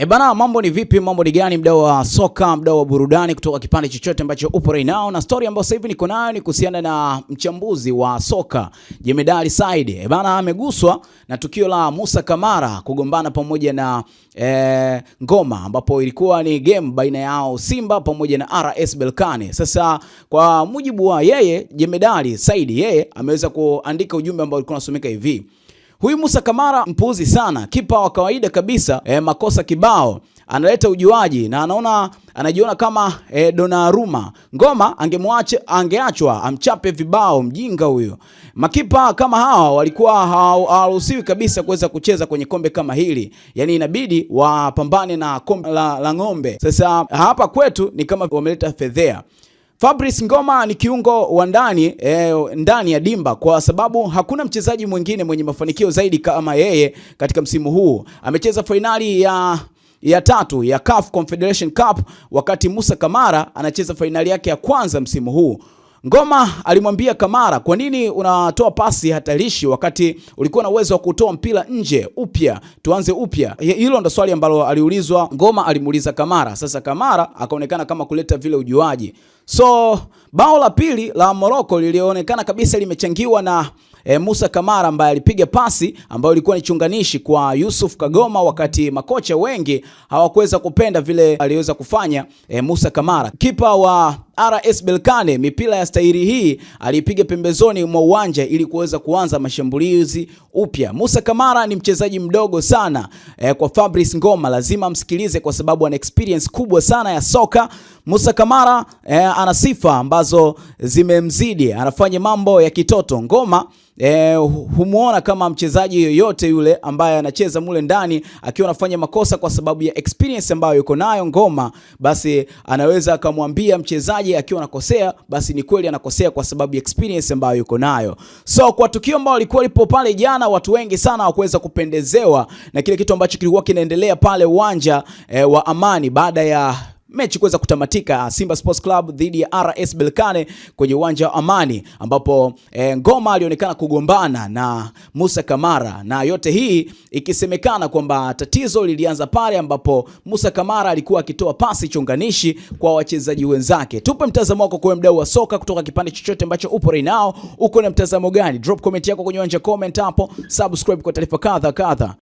E bana, mambo ni vipi? Mambo ni gani? Mdau wa soka, mdau wa burudani, kutoka kipande chochote ambacho upo right now, na story ambayo sasa hivi niko nayo ni kuhusiana na mchambuzi wa soka Jemedari Said. E bana, ameguswa na tukio la Musa Kamara kugombana pamoja na e, Ngoma, ambapo ilikuwa ni game baina yao Simba pamoja na RS belkane Sasa kwa mujibu wa yeye Jemedari Said, yeye ameweza kuandika ujumbe ambao ulikuwa unasomeka hivi Huyu Musa Kamara mpuzi sana, kipa wa kawaida kabisa e, makosa kibao, analeta ujuaji na anaona anajiona kama e, Donnarumma. Ngoma angemwache angeachwa amchape vibao, mjinga huyo. Makipa kama hawa walikuwa hawaruhusiwi kabisa kuweza kucheza kwenye kombe kama hili, yani inabidi wapambane na kombe la, la ng'ombe. Sasa hapa kwetu ni kama wameleta fedhea. Fabrice Ngoma ni kiungo wa ndani eh, ndani ya dimba kwa sababu hakuna mchezaji mwingine mwenye mafanikio zaidi kama yeye katika msimu huu. Amecheza fainali ya ya tatu ya CAF Confederation Cup wakati Musa Kamara anacheza fainali yake ya kwanza msimu huu. Ngoma alimwambia Kamara, kwa nini unatoa pasi hatarishi wakati ulikuwa na uwezo wa kutoa mpira nje upya, tuanze upya? Hilo ndo swali ambalo aliulizwa Ngoma, alimuuliza Kamara. Sasa Kamara akaonekana kama kuleta vile ujuaji. So bao la pili la Morocco lilionekana kabisa limechangiwa na E, Musa Kamara ambaye alipiga pasi ambayo ilikuwa ni chunganishi kwa Yusuf Kagoma, wakati makocha wengi hawakuweza kupenda vile aliweza kufanya e, Musa Kamara kipa wa RS Berkane mipira ya staili hii alipiga pembezoni mwa uwanja ili kuweza kuanza mashambulizi upya. Musa Kamara ni mchezaji mdogo sana eh, kwa Fabrice Ngoma lazima msikilize kwa sababu ana experience kubwa sana ya soka. Musa Kamara eh, ana sifa ambazo zimemzidi, anafanya mambo ya kitoto. Ngoma eh, humuona kama mchezaji yoyote yule ambaye anacheza mule ndani akiwa anafanya makosa, kwa sababu ya experience ambayo yuko nayo Ngoma, basi anaweza akamwambia mchezaji mchezaji akiwa anakosea, basi ni kweli anakosea kwa sababu ya experience ambayo yuko nayo. So kwa tukio ambalo lilikuwa lipo pale jana, watu wengi sana hawakuweza kupendezewa na kile kitu ambacho kilikuwa kinaendelea pale uwanja eh, wa Amani baada ya mechi kuweza kutamatika Simba Sports Club dhidi ya RS Berkane kwenye uwanja wa Amani, ambapo e, Ngoma alionekana kugombana na Musa Kamara, na yote hii ikisemekana kwamba tatizo lilianza pale ambapo Musa Kamara alikuwa akitoa pasi chonganishi kwa wachezaji wenzake. Tupe mtazamo wako kwa mdau wa soka kutoka kipande chochote ambacho upo right now, uko na mtazamo gani? Drop comment yako kwenye uwanja comment hapo, subscribe kwa taarifa kadha kadha.